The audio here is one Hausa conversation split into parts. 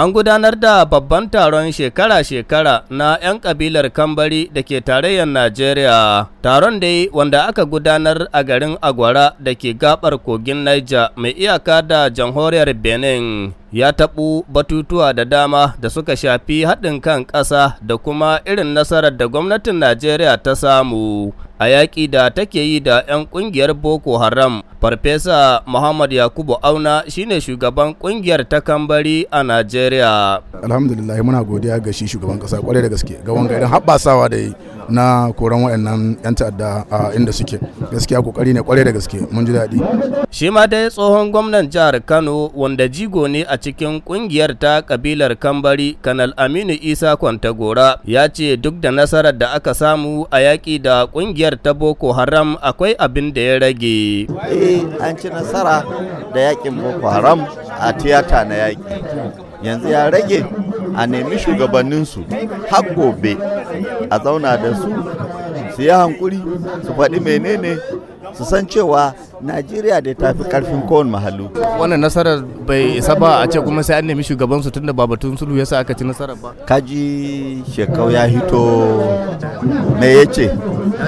An gudanar da babban taron shekara-shekara na 'yan kabilar Kambari da ke tarayyar Najeriya. Taron dai wanda aka gudanar a garin Agwara da ke gabar kogin Niger mai iyaka da jamhuriyar Benin. ya taɓu batutuwa da dama da suka shafi haɗin kan ƙasa da kuma irin nasarar da gwamnatin Najeriya ta samu a yaƙi da take yi da 'yan ƙungiyar Boko Haram. Farfesa Muhammad Yakubu Auna shine shugaban ƙungiyar ta kambari a Najeriya. Alhamdulillah muna godiya ga shi shugaban ƙasa kwarai da gaske ga wanga irin haɓasawa da yi na koran wayannan yan ta'adda a inda suke gaskiya kokari ne kwarai da gaske mun ji daɗi shi ma dai tsohon gwamnan jihar Kano wanda jigo ne a cikin kungiyar ta kabilar Kambari Kanal Aminu Isa Kwantagora ya ce duk da nasarar da aka samu a yaƙi da kungiyar ta Boko Haram akwai abin da ya rage eh an ci nasara da yaƙin Boko Haram a tiyata na yaƙi yanzu ya rage a nemi shugabanninsu har gobe a zauna da su su yi hankuri su faɗi menene su san cewa najeriya da ta fi karfin kowane mahallu wannan nasarar bai isa ba a ce kuma sai an nemi shugabansu tunda ba batun sulhu sa aka ci nasarar ba kaji shekau ya hito me ya ce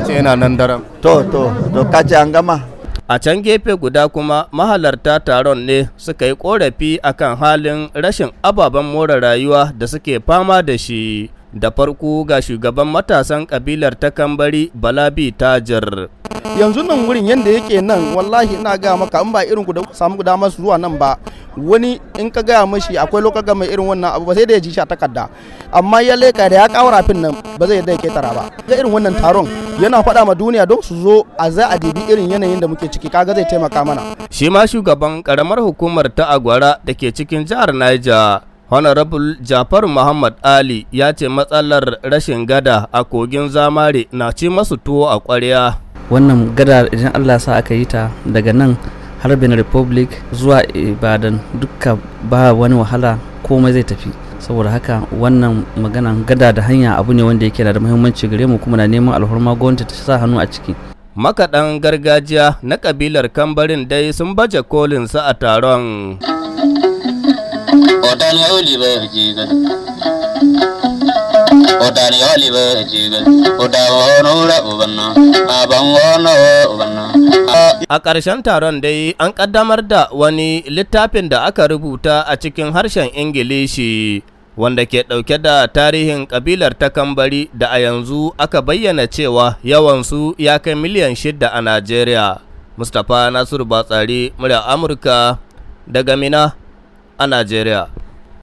yana nan daren to to to kaji an gama A can gefe guda kuma mahalarta taron ne suka yi ƙorafi akan halin rashin ababen more rayuwa da suke fama da shi. da farko ga shugaban matasan kabilar ta kambari balabi tajar yanzu nan wurin yadda yake nan wallahi ina gaya maka in ba irin ku da samu damar su zuwa nan ba wani in ka gaya mashi akwai lokaci mai irin wannan abu ba sai da ya ji sha takarda amma ya leka da ya kawo rafin nan ba zai yadda ya ketara ba ga irin wannan taron yana faɗa ma duniya don su zo a za a dibi irin yanayin da muke ciki kaga zai taimaka mana shi ma shugaban karamar hukumar ta agwara da ke cikin jihar Niger honorable jafar muhammad ali ya ce matsalar rashin gada a kogin zamare na ci masu tuwo a kwarya wannan gada idan allah sa aka yi ta daga nan harbin republic zuwa ibadan duka ba wani wahala komai zai tafi saboda haka wannan magana gada da hanya abu ne wanda yake da muhimmanci gare mu kuma na neman alhorma gwamnati ta sa hannu a ciki makaɗan gargajiya na kabilar kambarin dai sun baje kolin su a taron otani jigan otani jigan ubanna ubanna a ƙarshen taron dai an ƙaddamar da wani littafin da aka rubuta a cikin harshen ingilishi wanda ke ɗauke da tarihin ƙabilar takambari da a yanzu aka bayyana cewa yawansu ya kai miliyan shida a najeriya mustapha nasiru batsari murya amurka daga mina a Najeriya.